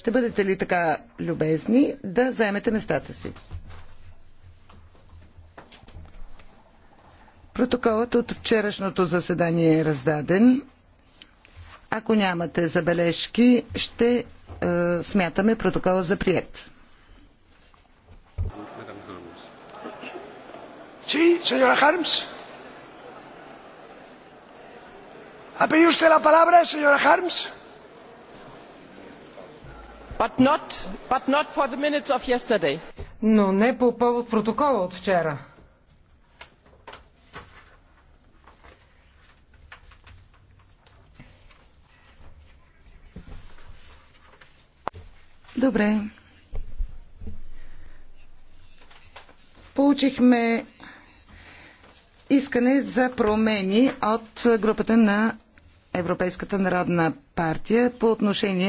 Ще бъдете ли така любезни да заемете местата си? Протоколът от вчерашното заседание е раздаден. Ако нямате забележки, ще е, смятаме протокола за прият. Sí, señora Harms. ¿Ha pedido usted la palabra, señora Harms? Но не по повод протокола от вчера. Добре. Получихме искане за промени от групата на Европейската народна партия по отношение